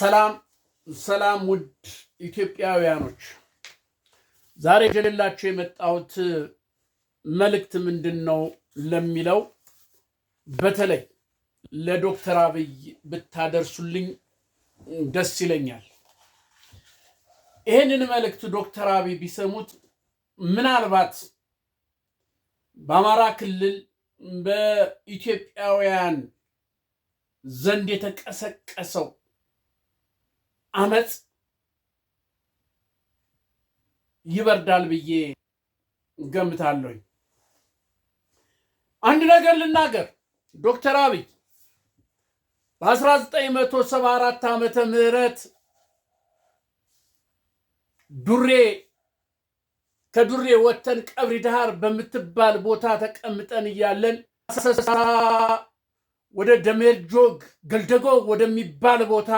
ሰላም ሰላም ውድ ኢትዮጵያውያኖች፣ ዛሬ ጀሌላቸው የመጣሁት መልእክት ምንድን ነው ለሚለው በተለይ ለዶክተር አብይ ብታደርሱልኝ ደስ ይለኛል። ይህንን መልእክት ዶክተር አብይ ቢሰሙት ምናልባት በአማራ ክልል በኢትዮጵያውያን ዘንድ የተቀሰቀሰው አመፅ ይበርዳል ብዬ ገምታለሁኝ። አንድ ነገር ልናገር። ዶክተር አብይ በ1974 ዓመተ ምህረት ዱሬ ከዱሬ ወጥተን ቀብሪ ዳሃር በምትባል ቦታ ተቀምጠን እያለን ወደ ደሜርጆግ ገልደጎ ወደሚባል ቦታ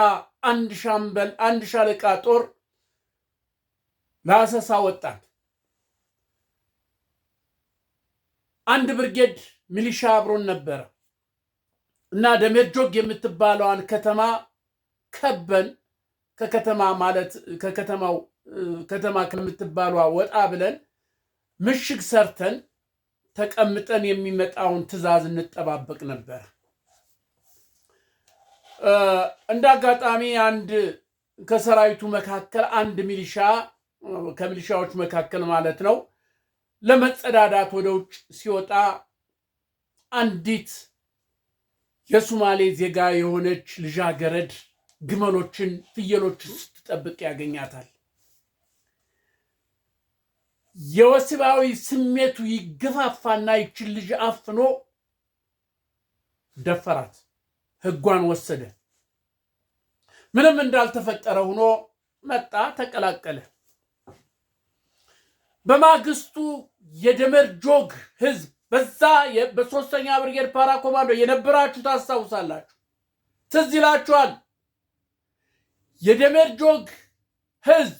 አንድ ሻምበል አንድ ሻለቃ ጦር ለአሰሳ ወጣት አንድ ብርጌድ ሚሊሻ አብሮን ነበረ እና ደሜርጆግ የምትባለዋን ከተማ ከበን ከከተማ ማለት ከከተማው ከተማ ከምትባሏ ወጣ ብለን ምሽግ ሰርተን ተቀምጠን የሚመጣውን ትዕዛዝ እንጠባበቅ ነበር። እንደ አጋጣሚ አንድ ከሰራዊቱ መካከል አንድ ሚሊሻ ከሚሊሻዎች መካከል ማለት ነው ለመጸዳዳት ወደ ውጭ ሲወጣ አንዲት የሱማሌ ዜጋ የሆነች ልጃገረድ ግመሎችን፣ ፍየሎችን ስትጠብቅ ያገኛታል። የወሲባዊ ስሜቱ ይገፋፋና ይችን ልጅ አፍኖ ደፈራት። ሕጓን ወሰደ። ምንም እንዳልተፈጠረ ሆኖ መጣ፣ ተቀላቀለ። በማግስቱ የደመር ጆግ ህዝብ በዛ በሶስተኛ ብርጌድ ፓራ ኮማንዶ የነበራችሁ ታስታውሳላችሁ፣ ትዝ ይላችኋል። የደመር ጆግ ህዝብ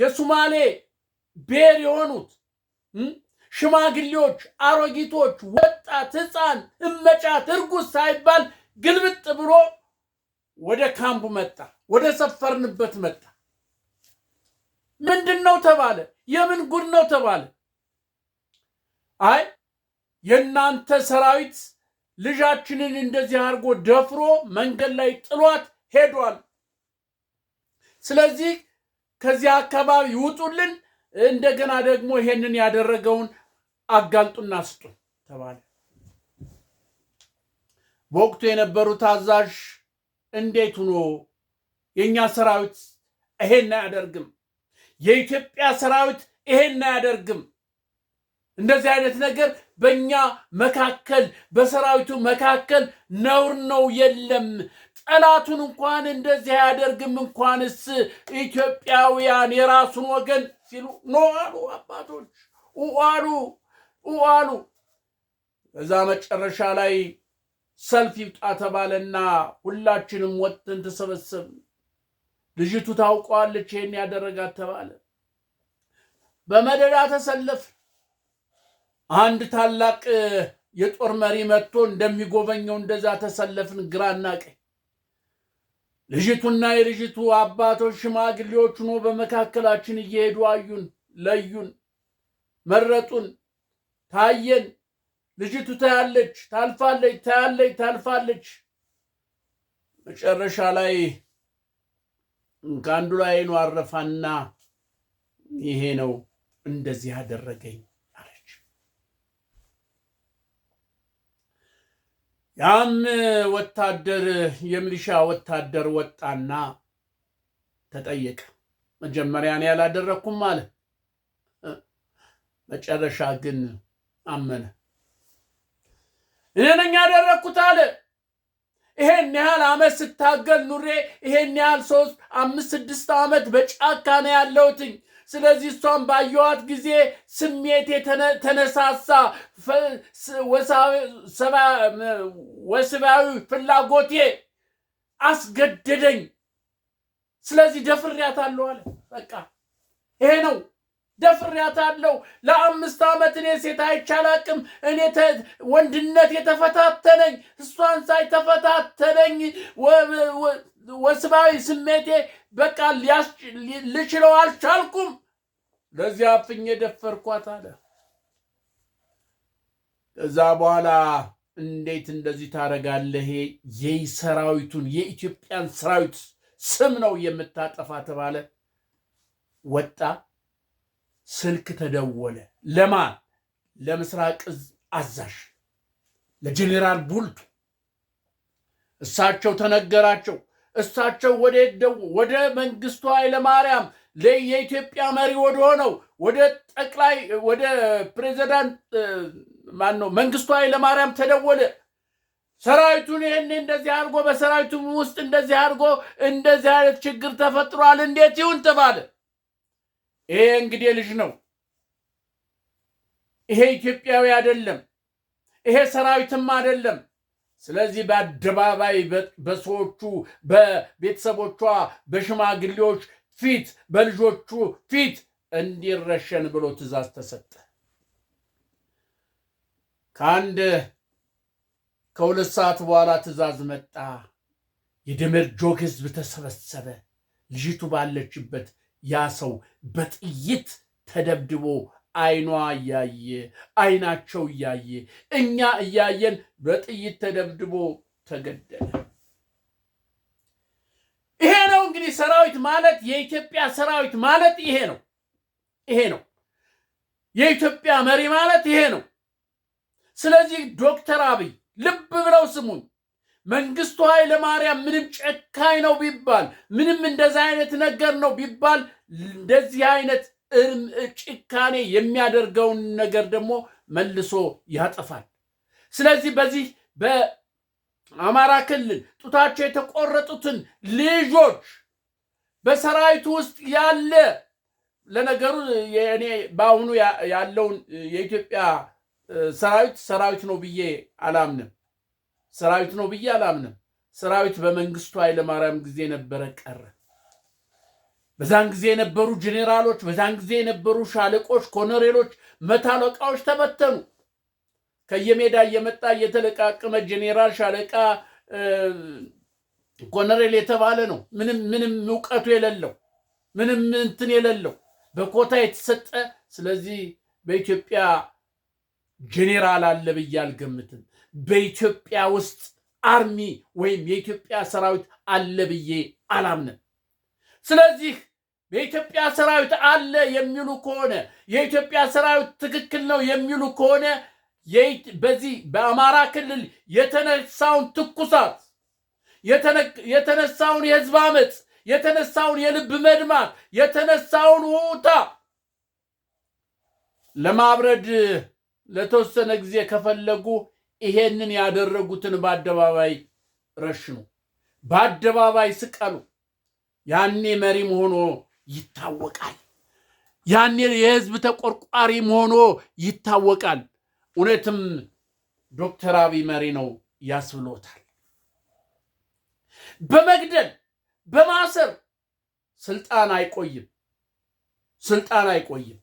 የሱማሌ ብሔር የሆኑት ሽማግሌዎች፣ አሮጊቶች፣ ወጣት፣ ህፃን፣ እመጫት፣ እርጉዝ ሳይባል ግልብጥ ብሎ ወደ ካምቡ መጣ፣ ወደ ሰፈርንበት መጣ። ምንድን ነው ተባለ? የምን ጉድ ነው ተባለ? አይ የእናንተ ሰራዊት ልጃችንን እንደዚህ አድርጎ ደፍሮ መንገድ ላይ ጥሏት ሄዷል። ስለዚህ ከዚህ አካባቢ ይውጡልን፣ እንደገና ደግሞ ይሄንን ያደረገውን አጋልጡና ስጡን ተባለ። በወቅቱ የነበሩት አዛዥ እንዴት ሆኖ የእኛ ሰራዊት ይሄን አያደርግም፣ የኢትዮጵያ ሰራዊት ይሄን አያደርግም፣ እንደዚህ አይነት ነገር በእኛ መካከል በሰራዊቱ መካከል ነውር ነው የለም ጠላቱን እንኳን እንደዚህ አያደርግም፣ እንኳንስ ኢትዮጵያውያን የራሱን ወገን ሲሉ ኖ አሉ አባቶች፣ ኡ አሉ ኡ አሉ። እዛ መጨረሻ ላይ ሰልፍ ይውጣ ተባለና ሁላችንም ወጥተን ተሰበሰብ ልጅቱ ታውቀዋለች ይህን ያደረጋት ተባለ። በመደዳ ተሰለፍ። አንድ ታላቅ የጦር መሪ መጥቶ እንደሚጎበኘው እንደዛ ተሰለፍን፣ ግራና ቀኝ። ልጅቱና የልጅቱ አባቶች ሽማግሌዎች ሆኖ በመካከላችን እየሄዱ አዩን፣ ለዩን፣ መረጡን፣ ታየን። ልጅቱ ታያለች፣ ታልፋለች፣ ታያለች፣ ታልፋለች። መጨረሻ ላይ ከአንዱ ላይ አይኑ አረፋና ይሄ ነው እንደዚህ ያደረገኝ አለች። ያም ወታደር የሚሊሻ ወታደር ወጣና ተጠየቀ። መጀመሪያ እኔ ያላደረግኩም አለ። መጨረሻ ግን አመነ። ይህንኝ ያደረግኩት አለ። ይሄን ያህል አመት ስታገል ኑሬ ይሄን ያህል ሶስት አምስት ስድስት አመት በጫካ ነው ያለሁትኝ። ስለዚህ እሷን ባየዋት ጊዜ ስሜቴ ተነሳሳ፣ ወስባዊ ፍላጎቴ አስገደደኝ። ስለዚህ ደፍሬያታለሁ አለ። በቃ ይሄ ነው። ደፍሬያታለሁ። ለአምስት ዓመት እኔ ሴት አይቻላቅም። እኔ ወንድነት የተፈታተነኝ እሷን ሳይ ተፈታተነኝ ወስባዊ ስሜቴ በቃ ልችለው አልቻልኩም። ለዚህ አፍኜ ደፈርኳት አለ። ከዛ በኋላ እንዴት እንደዚህ ታደርጋለህ? ሰራዊቱን የኢትዮጵያን ሰራዊት ስም ነው የምታጠፋ ተባለ። ወጣ ስልክ ተደወለ። ለማን? ለምስራቅ እዝ አዛዥ ለጄኔራል ቡልቱ። እሳቸው ተነገራቸው። እሳቸው ወደ ደው ወደ መንግስቱ ኃይለማርያም የኢትዮጵያ መሪ ወደ ሆነው ወደ ጠቅላይ ወደ ፕሬዚዳንት ማን ነው መንግስቱ ኃይለማርያም ተደወለ። ሰራዊቱን ይህን እንደዚህ አድርጎ በሰራዊቱ ውስጥ እንደዚህ አድርጎ እንደዚህ አይነት ችግር ተፈጥሯል፣ እንዴት ይሁን ተባለ። ይሄ እንግዲህ ልጅ ነው። ይሄ ኢትዮጵያዊ አይደለም። ይሄ ሰራዊትም አይደለም። ስለዚህ በአደባባይ በሰዎቹ፣ በቤተሰቦቿ፣ በሽማግሌዎች ፊት፣ በልጆቹ ፊት እንዲረሸን ብሎ ትእዛዝ ተሰጠ። ከአንድ ከሁለት ሰዓት በኋላ ትእዛዝ መጣ። የደመርጆግ ህዝብ ተሰበሰበ። ልጅቱ ባለችበት ያ ሰው በጥይት ተደብድቦ አይኗ እያየ አይናቸው እያየ እኛ እያየን በጥይት ተደብድቦ ተገደለ። ይሄ ነው እንግዲህ ሰራዊት ማለት የኢትዮጵያ ሰራዊት ማለት ይሄ ነው። ይሄ ነው የኢትዮጵያ መሪ ማለት ይሄ ነው። ስለዚህ ዶክተር አብይ ልብ ብለው ስሙኝ። መንግስቱ ኃይለማርያም ምንም ጨካኝ ነው ቢባል ምንም እንደዚህ አይነት ነገር ነው ቢባል እንደዚህ አይነት ጭካኔ የሚያደርገውን ነገር ደግሞ መልሶ ያጠፋል። ስለዚህ በዚህ በአማራ ክልል ጡታቸው የተቆረጡትን ልጆች በሰራዊቱ ውስጥ ያለ ለነገሩ እኔ በአሁኑ ያለውን የኢትዮጵያ ሰራዊት ሰራዊት ነው ብዬ አላምንም። ሰራዊት ነው ብዬ አላምንም። ሰራዊት በመንግስቱ ኃይለማርያም ጊዜ ነበረ ቀረ። በዛን ጊዜ የነበሩ ጄኔራሎች፣ በዛን ጊዜ የነበሩ ሻለቆች፣ ኮሎኔሎች፣ መቶ አለቃዎች ተበተኑ። ከየሜዳ እየመጣ እየተለቃቀመ ጄኔራል፣ ሻለቃ፣ ኮሎኔል የተባለ ነው። ምንም ምንም እውቀቱ የሌለው ምንም እንትን የሌለው በኮታ የተሰጠ። ስለዚህ በኢትዮጵያ ጄኔራል አለ ብዬ አልገምትም። በኢትዮጵያ ውስጥ አርሚ ወይም የኢትዮጵያ ሰራዊት አለ ብዬ አላምንም። ስለዚህ የኢትዮጵያ ሰራዊት አለ የሚሉ ከሆነ የኢትዮጵያ ሰራዊት ትክክል ነው የሚሉ ከሆነ በዚህ በአማራ ክልል የተነሳውን ትኩሳት፣ የተነሳውን የህዝብ አመፅ፣ የተነሳውን የልብ መድማት፣ የተነሳውን ውታ ለማብረድ ለተወሰነ ጊዜ ከፈለጉ ይሄንን ያደረጉትን በአደባባይ ረሽኑ፣ በአደባባይ ስቀሉ። ያኔ መሪ መሆኖ ይታወቃል። ያኔ የህዝብ ተቆርቋሪ መሆኖ ይታወቃል። እውነትም ዶክተር አብይ መሪ ነው ያስብሎታል። በመግደል በማሰር ስልጣን አይቆይም፣ ስልጣን አይቆይም።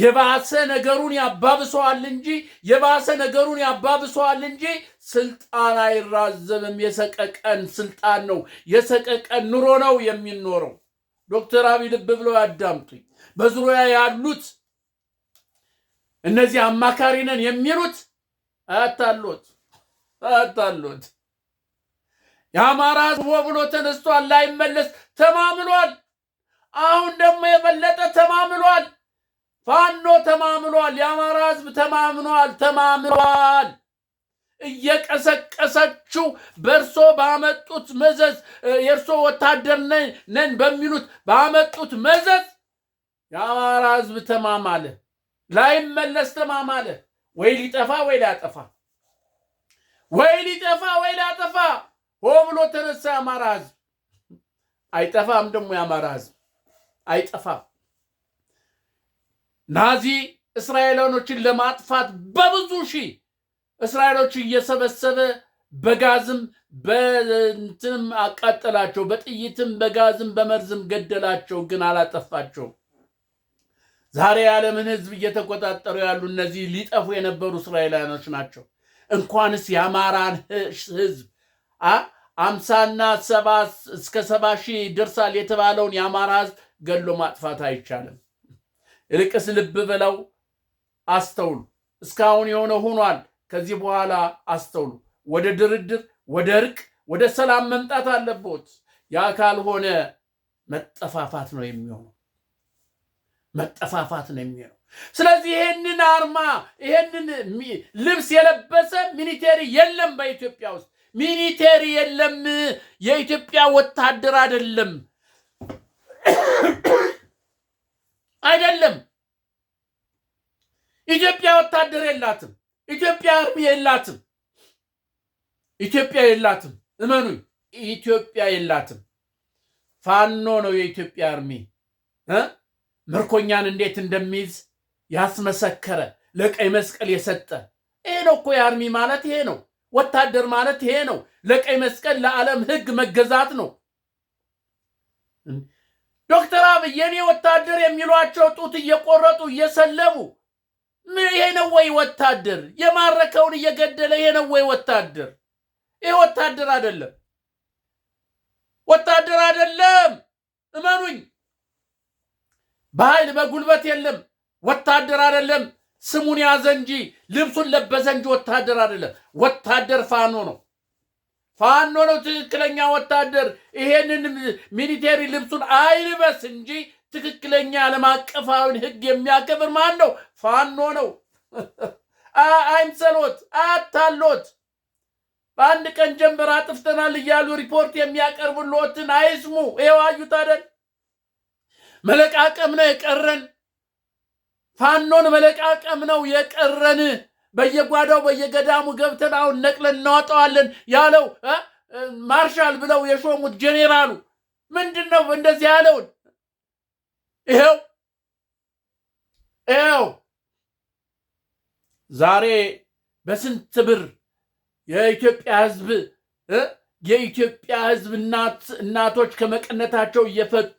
የባሰ ነገሩን ያባብሰዋል እንጂ የባሰ ነገሩን ያባብሰዋል እንጂ ስልጣን አይራዘምም። የሰቀቀን ስልጣን ነው፣ የሰቀቀን ኑሮ ነው የሚኖረው። ዶክተር አብይ ልብ ብለው ያዳምጡኝ። በዙሪያ ያሉት እነዚህ አማካሪ ነን የሚሉት አያታሎት አያታሎት የአማራ ህዝቦ ብሎ ተነስቷል። ላይመለስ ተማምሏል። አሁን ደግሞ የበለጠ ተማምሏል። ፋኖ ተማምኗል። የአማራ ህዝብ ተማምኗል፣ ተማምኗል። እየቀሰቀሰችው በእርሶ ባመጡት መዘዝ የእርሶ ወታደር ነን በሚሉት ባመጡት መዘዝ የአማራ ህዝብ ተማማለ፣ ላይመለስ ተማማለ። ወይ ሊጠፋ ወይ ላያጠፋ፣ ወይ ሊጠፋ ወይ ላያጠፋ። ሆ ብሎ ተነሳ የአማራ ህዝብ። አይጠፋም ደግሞ የአማራ ህዝብ አይጠፋም። ናዚ እስራኤላውያኖችን ለማጥፋት በብዙ ሺህ እስራኤሎች እየሰበሰበ በጋዝም በእንትንም አቃጠላቸው፣ በጥይትም በጋዝም በመርዝም ገደላቸው። ግን አላጠፋቸው። ዛሬ የዓለምን ሕዝብ እየተቆጣጠሩ ያሉ እነዚህ ሊጠፉ የነበሩ እስራኤላውያኖች ናቸው። እንኳንስ የአማራን ሕዝብ አምሳና ሰባ እስከ ሰባ ሺህ ይደርሳል የተባለውን የአማራ ሕዝብ ገሎ ማጥፋት አይቻልም። ይልቅስ ልብ ብለው አስተውሉ። እስካሁን የሆነ ሆኗል። ከዚህ በኋላ አስተውሉ። ወደ ድርድር፣ ወደ እርቅ፣ ወደ ሰላም መምጣት አለቦት። ያ ካልሆነ መጠፋፋት ነው የሚሆነው። መጠፋፋት ነው የሚሆነው። ስለዚህ ይህንን አርማ ይህንን ልብስ የለበሰ ሚኒቴሪ የለም። በኢትዮጵያ ውስጥ ሚኒቴሪ የለም። የኢትዮጵያ ወታደር አይደለም። አይደለም። ኢትዮጵያ ወታደር የላትም። ኢትዮጵያ አርሚ የላትም። ኢትዮጵያ የላትም። እመኑኝ፣ ኢትዮጵያ የላትም። ፋኖ ነው የኢትዮጵያ አርሚ። ምርኮኛን እንዴት እንደሚይዝ ያስመሰከረ ለቀይ መስቀል የሰጠ ይሄ ነው እኮ የአርሚ ማለት ይሄ ነው። ወታደር ማለት ይሄ ነው። ለቀይ መስቀል ለዓለም ሕግ መገዛት ነው። ዶክተር አብይ የኔ ወታደር የሚሏቸው ጡት እየቆረጡ እየሰለሙ ይሄ ነው ወይ ወታደር? የማረከውን እየገደለ ይሄ ነው ወይ ወታደር? ይሄ ወታደር አይደለም፣ ወታደር አይደለም። እመኑኝ፣ በኃይል በጉልበት የለም። ወታደር አይደለም። ስሙን ያዘ እንጂ ልብሱን ለበሰ እንጂ ወታደር አይደለም። ወታደር ፋኖ ነው። ፋኖ ነው ትክክለኛ ወታደር። ይሄንን ሚሊቴሪ ልብሱን አይልበስ እንጂ ትክክለኛ ዓለም አቀፋዊን ህግ የሚያከብር ማን ነው? ፋኖ ነው። አይምሰሎት፣ አታሎት። በአንድ ቀን ጀንበር አጥፍተናል እያሉ ሪፖርት የሚያቀርቡልዎትን አይስሙ። ይኸው አዩት አይደል? መለቃቀም ነው የቀረን። ፋኖን መለቃቀም ነው የቀረን። በየጓዳው በየገዳሙ ገብተን አሁን ነቅለን እናወጣዋለን ያለው ማርሻል ብለው የሾሙት ጄኔራሉ ምንድን ነው እንደዚህ ያለውን? ይኸው ይኸው ዛሬ በስንት ብር የኢትዮጵያ ሕዝብ የኢትዮጵያ ሕዝብ እናቶች ከመቀነታቸው እየፈቱ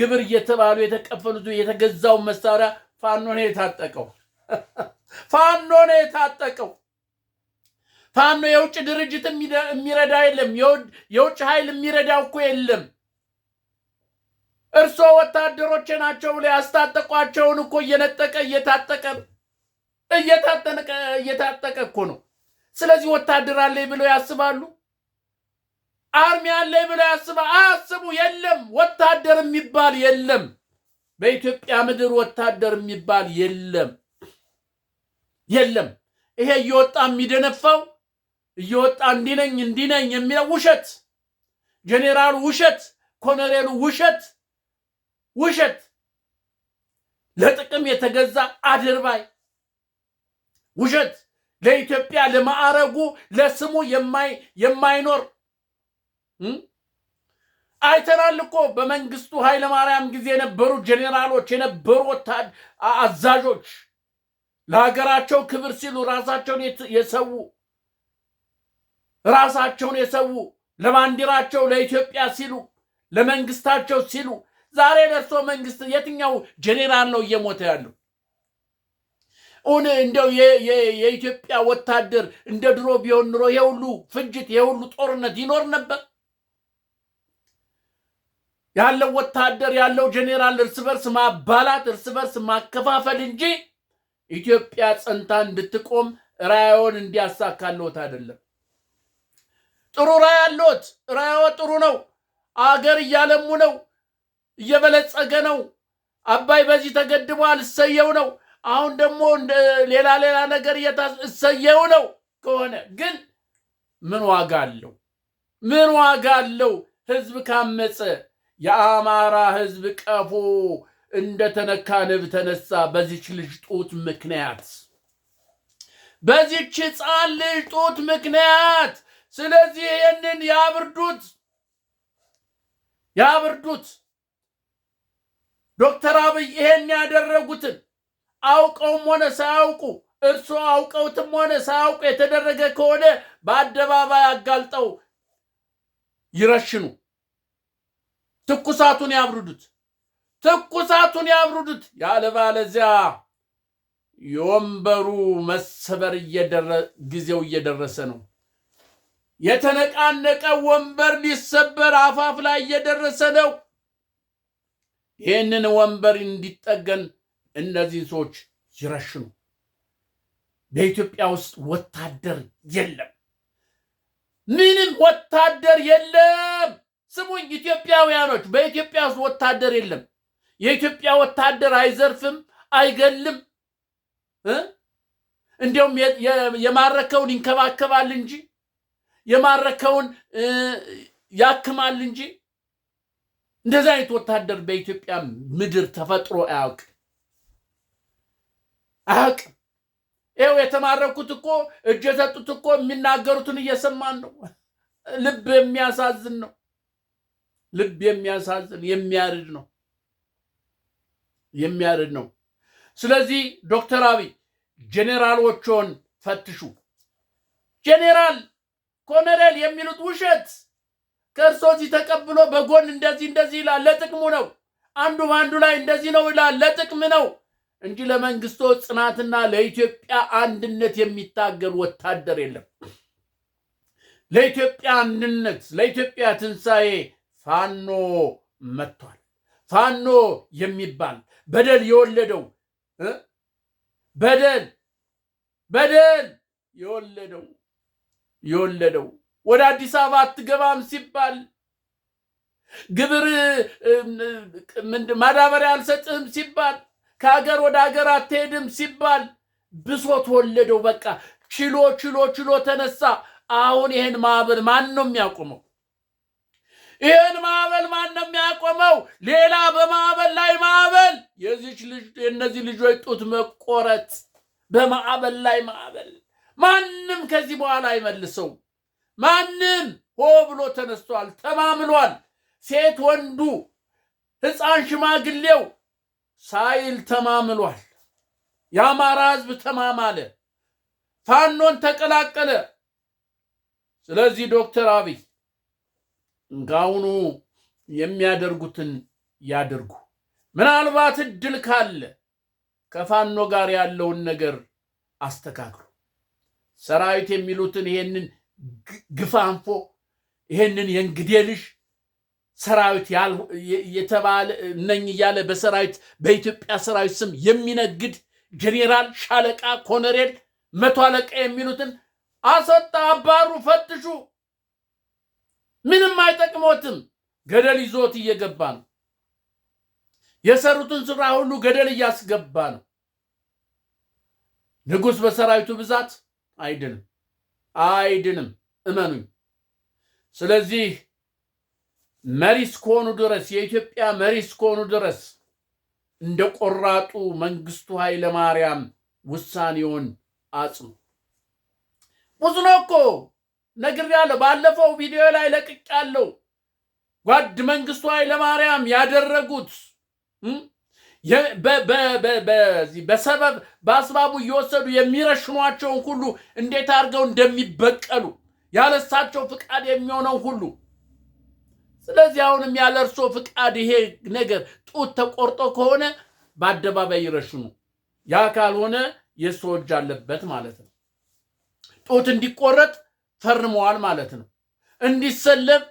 ግብር እየተባሉ የተቀፈሉት የተገዛውን መሳሪያ ፋኖ ነው የታጠቀው። ፋኖ ነው የታጠቀው። ፋኖ የውጭ ድርጅት የሚረዳ የለም። የውጭ ኃይል የሚረዳው እኮ የለም። እርሶ ወታደሮች ናቸው ብሎ ያስታጠቋቸውን እኮ እየነጠቀ እየታጠቀ እየታጠቀ እኮ ነው። ስለዚህ ወታደር አለኝ ብለው ያስባሉ። አርሚ አለኝ ብለው ያስባ አያስቡ። የለም ወታደር የሚባል የለም። በኢትዮጵያ ምድር ወታደር የሚባል የለም። የለም። ይሄ እየወጣ የሚደነፋው እየወጣ እንዲነኝ እንዲነኝ የሚለው ውሸት፣ ጄኔራሉ ውሸት፣ ኮሎኔሉ ውሸት፣ ውሸት ለጥቅም የተገዛ አድርባይ ውሸት ለኢትዮጵያ ለማዕረጉ ለስሙ የማይኖር አይተናል እኮ በመንግስቱ ኃይለማርያም ጊዜ የነበሩ ጄኔራሎች የነበሩ አዛዦች ለሀገራቸው ክብር ሲሉ ራሳቸውን የሰዉ ራሳቸውን የሰዉ ለባንዲራቸው ለኢትዮጵያ ሲሉ ለመንግስታቸው ሲሉ ዛሬ ለእርሶ መንግስት የትኛው ጄኔራል ነው እየሞተ ያለው? እውን እንደው የኢትዮጵያ ወታደር እንደ ድሮ ቢሆን ኑሮ የሁሉ ፍጅት የሁሉ ጦርነት ይኖር ነበር? ያለው ወታደር ያለው ጄኔራል እርስ በርስ ማባላት፣ እርስ በርስ ማከፋፈል እንጂ ኢትዮጵያ ጸንታ እንድትቆም ራዕዮን እንዲያሳካልዎት አይደለም። ጥሩ ራዕይ አለዎት። ራዕይዎ ጥሩ ነው። አገር እያለሙ ነው፣ እየበለጸገ ነው። አባይ በዚህ ተገድቧል፣ እሰየው ነው። አሁን ደግሞ ሌላ ሌላ ነገር እየታስ እሰየው ነው ከሆነ ግን ምን ዋጋ አለው? ምን ዋጋ አለው? ህዝብ ካመፀ የአማራ ህዝብ ቀፎ እንደ ተነካ ንብ ተነሳ በዚች ልጅ ጡት ምክንያት በዚች ሕፃን ልጅ ጡት ምክንያት። ስለዚህ ይህንን ያብርዱት ያብርዱት። ዶክተር አብይ ይሄን ያደረጉትን አውቀውም ሆነ ሳያውቁ እርሱ አውቀውትም ሆነ ሳያውቁ የተደረገ ከሆነ በአደባባይ አጋልጠው ይረሽኑ፣ ትኩሳቱን ያብርዱት። ትኩሳቱን ያብሩዱት፣ ያለበለዚያ የወንበሩ መሰበር ጊዜው እየደረሰ ነው። የተነቃነቀ ወንበር ሊሰበር አፋፍ ላይ እየደረሰ ነው። ይህንን ወንበር እንዲጠገን እነዚህን ሰዎች ይረሽኑ። በኢትዮጵያ ውስጥ ወታደር የለም፣ ምንም ወታደር የለም። ስሙኝ ኢትዮጵያውያኖች፣ በኢትዮጵያ ውስጥ ወታደር የለም። የኢትዮጵያ ወታደር አይዘርፍም፣ አይገልም። እንዲያውም የማረከውን ይንከባከባል እንጂ የማረከውን ያክማል እንጂ እንደዚህ አይነት ወታደር በኢትዮጵያ ምድር ተፈጥሮ አያውቅ አያውቅ። ይኸው የተማረኩት እኮ እጅ የሰጡት እኮ የሚናገሩትን እየሰማን ነው። ልብ የሚያሳዝን ነው። ልብ የሚያሳዝን የሚያርድ ነው። የሚያድን ነው። ስለዚህ ዶክተር አብይ ጄኔራሎችን ፈትሹ። ጄኔራል ኮሎኔል የሚሉት ውሸት ከእርሶ እዚህ ተቀብሎ በጎን እንደዚህ እንደዚህ ይላል፣ ለጥቅሙ ነው። አንዱ በአንዱ ላይ እንደዚህ ነው ይላል፣ ለጥቅም ነው እንጂ ለመንግስቶ ጽናትና ለኢትዮጵያ አንድነት የሚታገል ወታደር የለም። ለኢትዮጵያ አንድነት፣ ለኢትዮጵያ ትንሣኤ ፋኖ መጥቷል። ፋኖ የሚባል በደል የወለደው በደል በደል የወለደው የወለደው ወደ አዲስ አበባ አትገባም ሲባል ግብር ማዳበሪያ አልሰጥህም ሲባል ከሀገር ወደ ሀገር አትሄድም ሲባል ብሶት ወለደው። በቃ ችሎ ችሎ ችሎ ተነሳ። አሁን ይሄን ማህበር ማን ነው የሚያቆመው? ይህን ማዕበል ማን ነው የሚያቆመው? ሌላ በማዕበል ላይ ማዕበል፣ የዚች ልጅ የእነዚህ ልጆች ጡት መቆረጥ በማዕበል ላይ ማዕበል። ማንም ከዚህ በኋላ አይመልሰው። ማንም ሆ ብሎ ተነስቷል፣ ተማምሏል። ሴት ወንዱ፣ ሕፃን ሽማግሌው ሳይል ተማምሏል። የአማራ ህዝብ ተማማለ፣ ፋኖን ተቀላቀለ። ስለዚህ ዶክተር አብይ ከአሁኑ የሚያደርጉትን ያደርጉ። ምናልባት እድል ካለ ከፋኖ ጋር ያለውን ነገር አስተካክሉ። ሰራዊት የሚሉትን ይሄንን ግፋንፎ ይሄንን የእንግዴ ሰራዊት የተባለ ነኝ እያለ በሰራዊት በኢትዮጵያ ሰራዊት ስም የሚነግድ ጄኔራል፣ ሻለቃ፣ ኮነሬል፣ መቶ አለቃ የሚሉትን አሰጣ፣ አባሩ፣ ፈትሹ። ምንም አይጠቅሞትም። ገደል ይዞት እየገባ ነው። የሰሩትን ስራ ሁሉ ገደል እያስገባ ነው። ንጉሥ በሰራዊቱ ብዛት አይድንም፣ አይድንም፣ እመኑኝ። ስለዚህ መሪ እስከሆኑ ድረስ የኢትዮጵያ መሪ እስከሆኑ ድረስ እንደ ቆራጡ መንግስቱ ኃይለማርያም ውሳኔውን አጽኑ። ብዙ ነው እኮ ነግሬያለሁ። ባለፈው ቪዲዮ ላይ ለቅቄያለሁ። ጓድ መንግስቱ ኃይለማርያም ያደረጉት በሰበብ በአስባቡ እየወሰዱ የሚረሽኗቸውን ሁሉ እንዴት አድርገው እንደሚበቀሉ ያለሳቸው ፍቃድ የሚሆነው ሁሉ። ስለዚህ አሁንም ያለ እርሶ ፍቃድ ይሄ ነገር ጡት ተቆርጦ ከሆነ በአደባባይ ይረሽኑ። ያ ካልሆነ የእርሶ እጅ አለበት ማለት ነው። ጡት እንዲቆረጥ ፈርመዋል ማለት ነው። እንዲሰለብ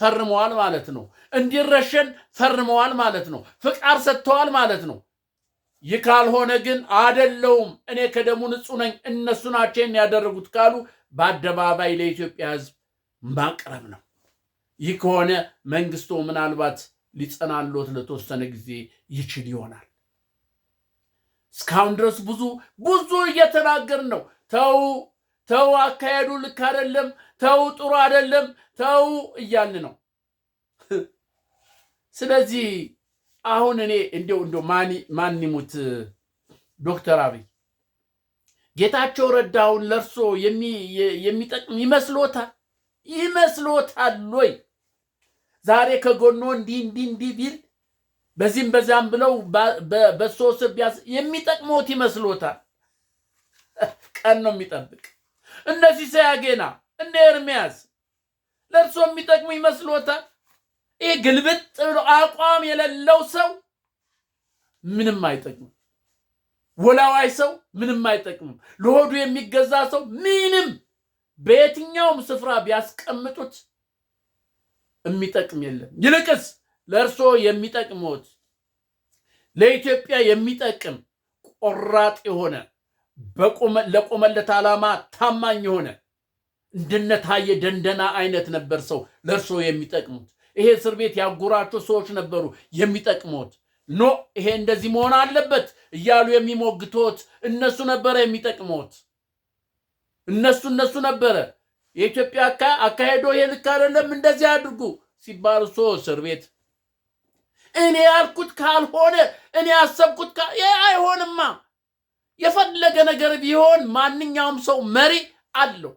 ፈርመዋል ማለት ነው። እንዲረሸን ፈርመዋል ማለት ነው። ፍቃድ ሰጥተዋል ማለት ነው። ይህ ካልሆነ ግን አደለውም እኔ ከደሙ ንጹሕ ነኝ እነሱ ናቸው የሚያደረጉት ካሉ በአደባባይ ለኢትዮጵያ ሕዝብ ማቅረብ ነው። ይህ ከሆነ መንግስቶ ምናልባት ሊጸናሎት ለተወሰነ ጊዜ ይችል ይሆናል። እስካሁን ድረስ ብዙ ብዙ እየተናገርን ነው። ተው ተው አካሄዱ ልክ አይደለም፣ ተው ጥሩ አይደለም፣ ተው እያልን ነው። ስለዚህ አሁን እኔ እንደው እንደው ማን ይሙት ዶክተር አብይ ጌታቸው ረዳውን ለእርሶ የሚጠቅም ይመስሎታል? ይመስሎታል ወይ? ዛሬ ከጎኖ እንዲ እንዲ እንዲ ቢል በዚህም በዛም ብለው በሶስ ቢያስ የሚጠቅመውት ይመስሎታል? ቀን ነው የሚጠብቅ እነ ሲሳይ አጌና እነ ኤርሚያስ ለእርሶ የሚጠቅሙ ይመስሎታል? ይህ ግልብጥ ብሎ አቋም የሌለው ሰው ምንም አይጠቅምም። ወላዋይ ሰው ምንም አይጠቅምም። ለሆዱ የሚገዛ ሰው ምንም በየትኛውም ስፍራ ቢያስቀምጡት የሚጠቅም የለም። ይልቅስ ለእርሶ የሚጠቅሞት ለኢትዮጵያ የሚጠቅም ቆራጥ የሆነ ለቆመለት ዓላማ ታማኝ የሆነ እንደነታየ ደንደና አይነት ነበር ሰው ለእርሶ የሚጠቅሙት። ይሄ እስር ቤት ያጉራቸው ሰዎች ነበሩ የሚጠቅሙት። ኖ ይሄ እንደዚህ መሆን አለበት እያሉ የሚሞግቶት እነሱ ነበረ የሚጠቅሙት። እነሱ እነሱ ነበረ የኢትዮጵያ አካሄዶ ይሄ ልክ አይደለም፣ እንደዚህ አድርጉ ሲባል እርሶ እስር ቤት እኔ ያልኩት ካልሆነ እኔ ያሰብኩት አይሆንማ የፈለገ ነገር ቢሆን ማንኛውም ሰው መሪ አለው፣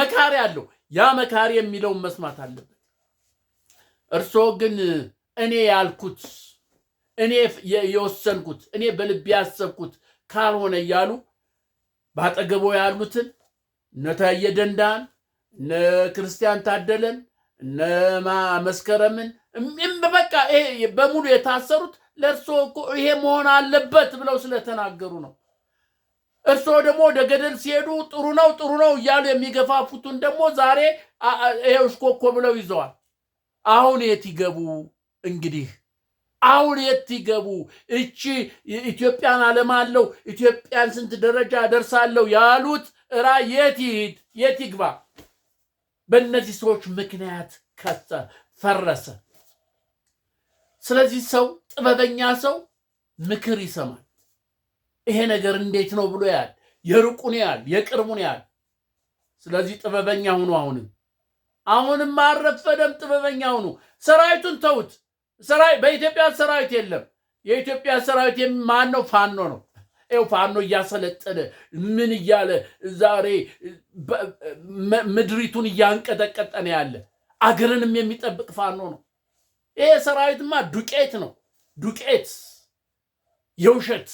መካሪ አለው። ያ መካሪ የሚለውን መስማት አለበት። እርስዎ ግን እኔ ያልኩት እኔ የወሰንኩት እኔ በልቤ ያሰብኩት ካልሆነ እያሉ ባጠገቦ ያሉትን እነ ታዬ ደንዳን እነ ክርስቲያን ታደለን እነ መስከረምን በቃ በሙሉ የታሰሩት ለእርሶ እኮ ይሄ መሆን አለበት ብለው ስለተናገሩ ነው። እርሶ ደግሞ ወደ ገደል ሲሄዱ ጥሩ ነው ጥሩ ነው እያሉ የሚገፋፉቱን ደግሞ ዛሬ ይኸው እሽኮኮ ብለው ይዘዋል። አሁን የት ይገቡ እንግዲህ አሁን የት ይገቡ? እቺ ኢትዮጵያን አለው ኢትዮጵያን ስንት ደረጃ ደርሳለሁ ያሉት እራ የት ይሂድ የት ይግባ? በእነዚህ ሰዎች ምክንያት ከሰ ፈረሰ። ስለዚህ ሰው ጥበበኛ ሰው ምክር ይሰማል። ይሄ ነገር እንዴት ነው ብሎ ያል የሩቁን ያል የቅርቡን ያል። ስለዚህ ጥበበኛ ሁኑ። አሁንም አሁንም አረፈደም፣ ጥበበኛ ሁኑ። ሰራዊቱን ተውት። በኢትዮጵያ ሰራዊት የለም። የኢትዮጵያ ሰራዊት ማን ነው? ፋኖ ነው። ይኸው ፋኖ እያሰለጠነ ምን እያለ ዛሬ ምድሪቱን እያንቀጠቀጠነ ያለ አገርንም የሚጠብቅ ፋኖ ነው። ይሄ ሰራዊትማ ዱቄት ነው። ዱቄት የውሸት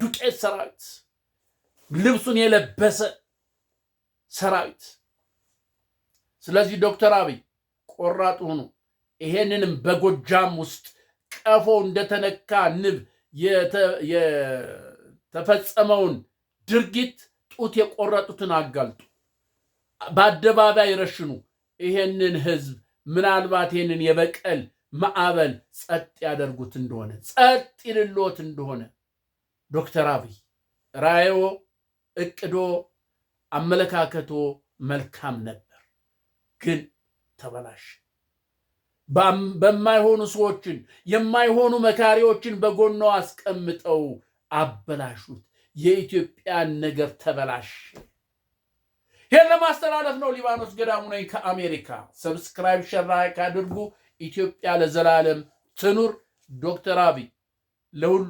ዱቄት ሰራዊት፣ ልብሱን የለበሰ ሰራዊት። ስለዚህ ዶክተር አብይ ቆራጥ ሁኑ። ይሄንንም በጎጃም ውስጥ ቀፎ እንደተነካ ንብ የተፈጸመውን ድርጊት ጡት የቆረጡትን አጋልጡ፣ በአደባባይ ረሽኑ። ይሄንን ህዝብ ምናልባት ይሄንን የበቀል ማዕበል ጸጥ ያደርጉት እንደሆነ ጸጥ ይልሎት እንደሆነ ዶክተር አብይ ራዮ እቅዶ አመለካከቶ መልካም ነበር፣ ግን ተበላሽ። በማይሆኑ ሰዎችን የማይሆኑ መካሪዎችን በጎኗ አስቀምጠው አበላሹት። የኢትዮጵያን ነገር ተበላሽ። ይህን ለማስተላለፍ ነው። ሊባኖስ ገዳሙ ነኝ ከአሜሪካ። ሰብስክራይብ ሸራ ካድርጉ። ኢትዮጵያ ለዘላለም ትኑር። ዶክተር አብይ ለሁሉ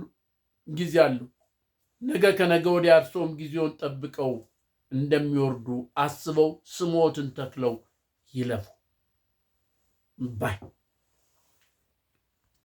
ጊዜ አሉ። ነገ ከነገ ወዲያ እርሶም ጊዜውን ጠብቀው እንደሚወርዱ አስበው ስሞትን ተክለው ይለፉ ባይ